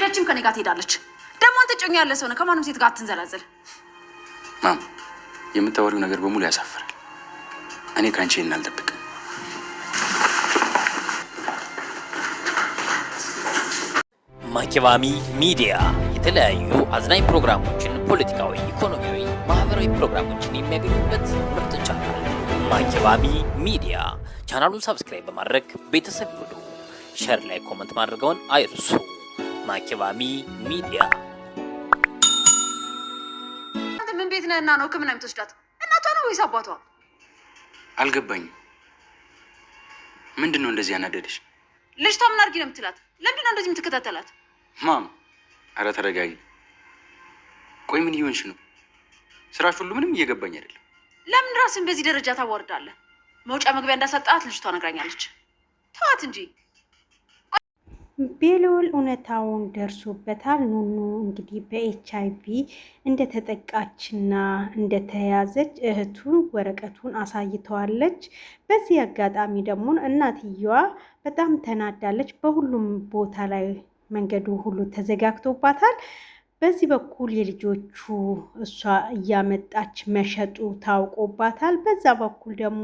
ከሄደችም ከኔ ጋር ትሄዳለች። ደግሞ አንተ ጮኛ ያለ ሰው ነህ። ከማንም ሴት ጋር አትንዘላዘል። ማም የምታወሪው ነገር በሙሉ ያሳፍራል። እኔ ከአንቺ ይህን አልጠብቅም። ማኪባሚ ሚዲያ የተለያዩ አዝናኝ ፕሮግራሞችን፣ ፖለቲካዊ፣ ኢኮኖሚያዊ፣ ማህበራዊ ፕሮግራሞችን የሚያገኙበት ምርጥ ቻናል ማኪባሚ ሚዲያ። ቻናሉን ሰብስክራይብ በማድረግ ቤተሰብ ይሁኑ። ሸር ላይ ኮመንት ማድረገውን አይርሱ። ማኪባሚ ሚዲያ ምን ቤት እና ነው ሕክምና የምትወስዳት? እናቷ ነው ወይስ አባቷ? አልገባኝም። ምንድን ነው እንደዚህ ያናደደሽ? ልጅቷ ምን አድርጊ ነው የምትላት? ለምንድን ነው እንደዚህ የምትከታተላት? ማም፣ አረ ተረጋጊ። ቆይ ምን እየሆንሽ ነው? ስራሽ ሁሉ ምንም እየገባኝ አይደለም። ለምን ራስን በዚህ ደረጃ ታዋርዳለህ? መውጫ መግቢያ እንዳሳጣት ልጅቷ ነግራኛለች። ተዋት እንጂ ቤሎል እውነታውን ደርሶበታል። ኑኑ እንግዲህ በኤች አይቪ እንደተጠቃችና እንደተያዘች እህቱን ወረቀቱን አሳይተዋለች። በዚህ አጋጣሚ ደግሞ እናትየዋ በጣም ተናዳለች። በሁሉም ቦታ ላይ መንገዱ ሁሉ ተዘጋግቶባታል። በዚህ በኩል የልጆቹ እሷ እያመጣች መሸጡ ታውቆባታል። በዛ በኩል ደግሞ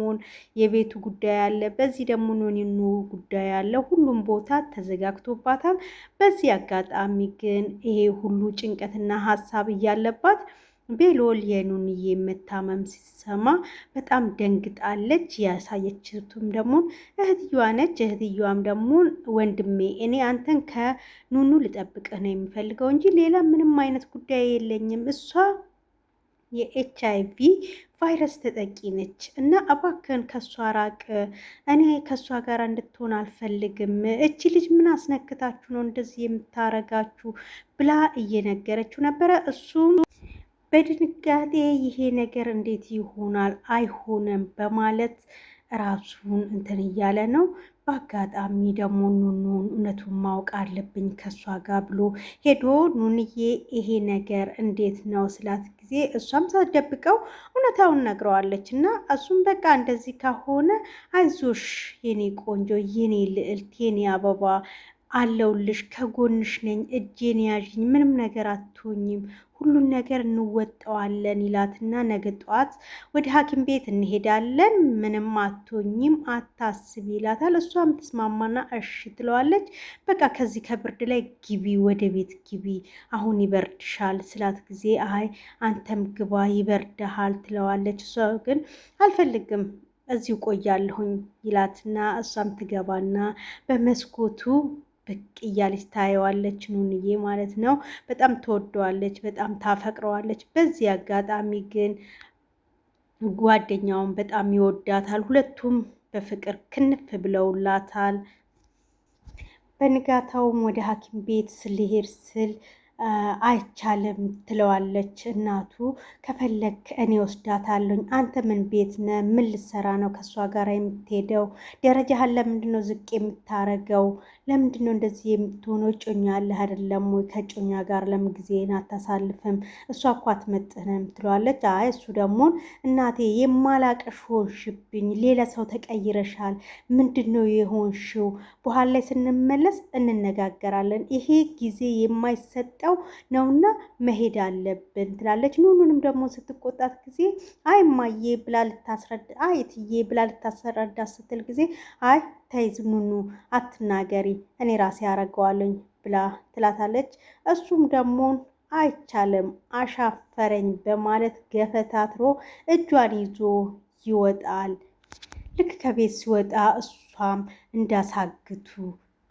የቤቱ ጉዳይ አለ። በዚህ ደግሞ ኖኒኑ ጉዳይ አለ። ሁሉም ቦታ ተዘጋግቶባታል። በዚህ አጋጣሚ ግን ይሄ ሁሉ ጭንቀትና ሀሳብ እያለባት ቤሎል የኑንዬ መታመም ሲሰማ በጣም ደንግጣለች። ያሳየችቱም ደግሞ እህትየዋ ነች። እህትየዋም ደግሞ ወንድሜ እኔ አንተን ከኑኑ ልጠብቅህ ነው የሚፈልገው እንጂ ሌላ ምንም አይነት ጉዳይ የለኝም። እሷ የኤች አይ ቪ ቫይረስ ተጠቂ ነች እና እባክህን ከእሷ ራቅ። እኔ ከእሷ ጋር እንድትሆን አልፈልግም። እቺ ልጅ ምን አስነክታችሁ ነው እንደዚህ የምታረጋችሁ ብላ እየነገረችው ነበረ እሱም በድንጋጤ ይሄ ነገር እንዴት ይሆናል አይሆንም በማለት ራሱን እንትን እያለ ነው። በአጋጣሚ ደግሞ ኑኑ እውነቱን ማወቅ አለብኝ ከእሷ ጋር ብሎ ሄዶ ኑንዬ ይሄ ነገር እንዴት ነው ስላት ጊዜ እሷም ሳትደብቀው እውነታውን ነግረዋለች። እና እሱም በቃ እንደዚህ ከሆነ አይዞሽ፣ የኔ ቆንጆ፣ የኔ ልዕልት፣ የኔ አበባ አለውልሽ፣ ከጎንሽ ነኝ፣ እጄን ያዥኝ፣ ምንም ነገር አትሆኝም፣ ሁሉን ነገር እንወጠዋለን ይላትና ነገ ጠዋት ወደ ሐኪም ቤት እንሄዳለን፣ ምንም አትሆኝም፣ አታስቢ ይላታል። እሷም ትስማማና እሺ ትለዋለች። በቃ ከዚህ ከብርድ ላይ ግቢ፣ ወደ ቤት ግቢ፣ አሁን ይበርድሻል ስላት ጊዜ አይ አንተም ግባ ይበርድሃል ትለዋለች። እሷ ግን አልፈልግም እዚሁ ቆያለሁኝ ይላትና እሷም ትገባና በመስኮቱ ብቅ እያለች ታየዋለች፣ ኑንዬ ማለት ነው። በጣም ትወደዋለች፣ በጣም ታፈቅረዋለች። በዚህ አጋጣሚ ግን ጓደኛውን በጣም ይወዳታል። ሁለቱም በፍቅር ክንፍ ብለውላታል። በንጋታውም ወደ ሐኪም ቤት ስልሄድ ስል አይቻልም ትለዋለች እናቱ። ከፈለክ እኔ ወስዳታለሁኝ። አንተ ምን ቤት ነ ምን ልትሰራ ነው ከእሷ ጋር የምትሄደው? ደረጃህን ለምንድን ነው ዝቅ የምታረገው? ለምንድን ነው እንደዚህ የምትሆነው? እጮኛ አለህ አይደለም ወይ? ከእጮኛ ጋር ለምን ጊዜህን አታሳልፍም? እሷ እኮ አትመጥንም ትለዋለች። አይ እሱ ደግሞ እናቴ የማላቀሽ ሆንሽብኝ፣ ሌላ ሰው ተቀይረሻል። ምንድን ነው የሆንሽው? በኋላ ላይ ስንመለስ እንነጋገራለን። ይሄ ጊዜ የማይሰጠ መገለጫው ነውና መሄድ አለብን ትላለች። ኑኑንም ደግሞ ስትቆጣት ጊዜ አይ ማዬ ብላ ልታስረዳ አይ ብላ ልታስረዳ ስትል ጊዜ አይ ተይዝ ኑኑ አትናገሪ፣ እኔ ራሴ ያደርገዋለኝ ብላ ትላታለች። እሱም ደግሞ አይቻልም አሻፈረኝ በማለት ገፈታትሮ እጇን ይዞ ይወጣል። ልክ ከቤት ሲወጣ እሷም እንዳሳግቱ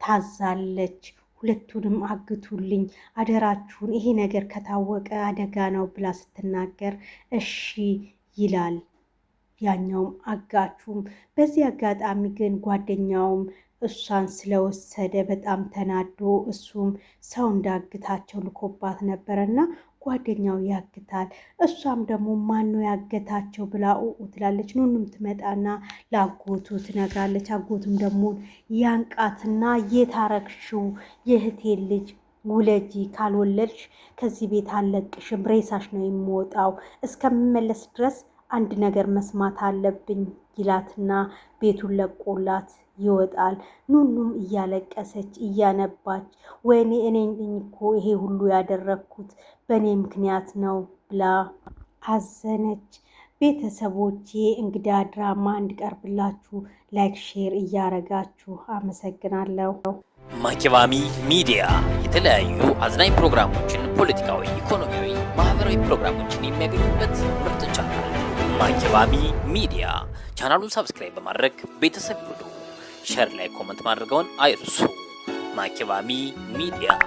ታዛለች። ሁለቱንም አግቱልኝ አደራችሁን፣ ይሄ ነገር ከታወቀ አደጋ ነው ብላ ስትናገር እሺ ይላል ያኛውም አጋቹም። በዚህ አጋጣሚ ግን ጓደኛውም እሷን ስለወሰደ በጣም ተናዶ እሱም ሰው እንዳግታቸው ልኮባት ነበረ እና ጓደኛው ያግታል። እሷም ደግሞ ነው ያገታቸው ብላ ኡኡ ትላለች። ኑኑም ትመጣና ለአጎቱ ትነግራለች። አጎቱም ደግሞ ያንቃትና የታረክሽው የእህቴ ልጅ ውለጂ ካልወለድሽ ከዚህ ቤት አለቅሽም፣ ሬሳሽ ነው የሚወጣው እስከምመለስ ድረስ አንድ ነገር መስማት አለብኝ ይላትና ቤቱን ለቆላት ይወጣል። ኑኑም እያለቀሰች እያነባች ወይኔ እኔ እኮ ይሄ ሁሉ ያደረግኩት በእኔ ምክንያት ነው ብላ አዘነች። ቤተሰቦቼ እንግዳ ድራማ እንድቀርብላችሁ ላይክ፣ ሼር እያረጋችሁ አመሰግናለሁ። ማኪባሚ ሚዲያ የተለያዩ አዝናኝ ፕሮግራሞችን፣ ፖለቲካዊ፣ ኢኮኖሚያዊ፣ ማህበራዊ ፕሮግራሞችን የሚያገኙበት ምርጥ ቻናል በአጀባቢ ሚዲያ ቻናሉን ሰብስክራይብ በማድረግ ቤተሰብ ይሁኑ። ሸር ላይ ኮመንት ማድረገውን አይርሱ። ማኪባቢ ሚዲያ